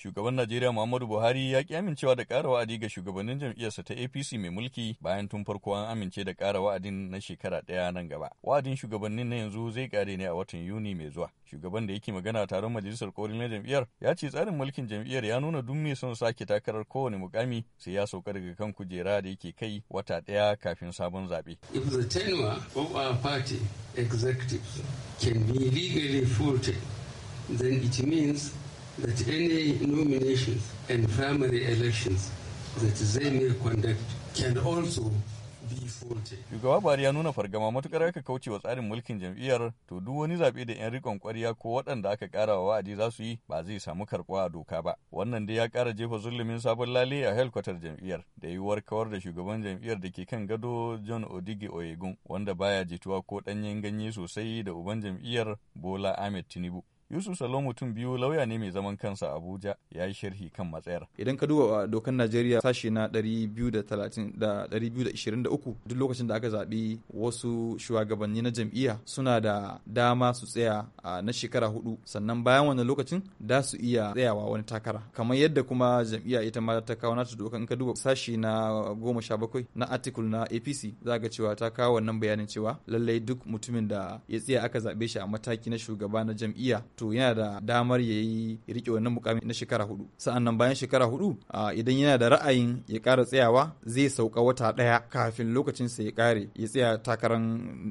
shugaban Najeriya Muhammadu Buhari ya ki amincewa da ƙara wa'adi ga shugabannin jam'iyyarsa ta APC mai mulki bayan tun farko an amince da ƙara wa'adin na shekara ɗaya nan gaba. Wa'adin shugabannin na yanzu zai ƙare ne a watan Yuni mai zuwa. Shugaban da yake magana a taron majalisar koli na jam'iyyar ya ce tsarin mulkin jam'iyyar ya nuna duk mai son sake takarar kowane mukami sai ya sauka daga kan kujera da yake kai wata ɗaya kafin sabon zaɓe. If the tenure of our party executives can be legally faulted, then it means that any nominations and primary elections that they may conduct can also Shugaba bari ya nuna fargama matukar aka kauce wa tsarin mulkin jam'iyyar to duk wani zaɓe da 'yan rikon ƙwariya ko waɗanda aka ƙara wa wa'adi za su yi ba zai samu karɓuwa a doka ba. Wannan dai ya ƙara jefa zulumin sabon lale a helkwatar jam'iyyar da yiwuwar kawar da shugaban jam'iyyar da ke kan gado John Odigi Oyegun wanda baya jituwa ko ɗanyen ganye sosai da uban jam'iyyar Bola Ahmed Tinubu. Yusuf Salo mutum biyu lauya ne mai zaman kansa Abuja ya yi sharhi kan matsayar. Idan ka duba uh, dokar Najeriya sashi na 223 duk lokacin da aka zaɓi wasu shugabanni na jam'iyya suna da dama su tsaya uh, na shekara hudu sannan bayan wannan lokacin da su iya tsayawa wani takara. Kamar yadda kuma jam'iyya ita ma ta kawo nata dokan ka duba sashi na goma sha bakwai na article na APC za ga cewa ta kawo wannan bayanin cewa lallai duk mutumin da ya tsaya aka zaɓe shi a mataki na shugaba na jam'iyya to yana da damar ya yi riƙe wannan mukami na shekara hudu sa'an nan bayan shekara hudu idan yana da ra'ayin ya ƙara tsayawa zai sauka wata ɗaya kafin lokacin sa ya ƙare ya tsaya takarar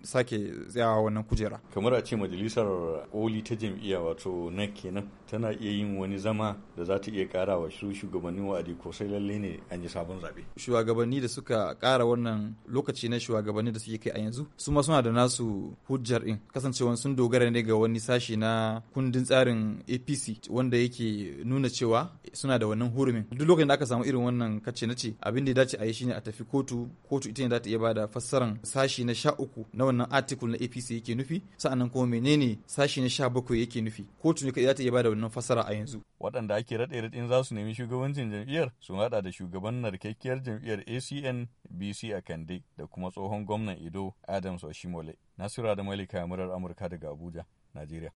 sake tsayawa wannan kujera kamar a ce majalisar koli ta jam'iyya wato na kenan tana iya yin wani zama da za ta iya ƙara wa su shugabannin wa'adi ko sai lalle ne an yi sabon zaɓe shugabanni da suka ƙara wannan lokaci na shugabanni da suke kai a yanzu su ma suna da nasu hujjar din kasancewa sun dogara ne ga wani sashi na kundin tsarin apc wanda yake nuna cewa suna da wannan hurumin duk lokacin da aka samu irin wannan kace na ce abin da ya dace a yi shine a tafi kotu kotu ita ne za ta iya bada fassaran sashi na sha uku na wannan article na apc yake nufi sa'annan kuma menene sashi na sha bakwai yake nufi kotu ne za ta iya bada wannan fassara a yanzu waɗanda ake raɗe raɗin za su nemi shugabancin jam'iyyar sun haɗa da shugaban narkakkiyar jam'iyyar acn bc a kande da kuma tsohon gwamnan ido adams oshimole nasiru da kayan murar amurka daga abuja najeriya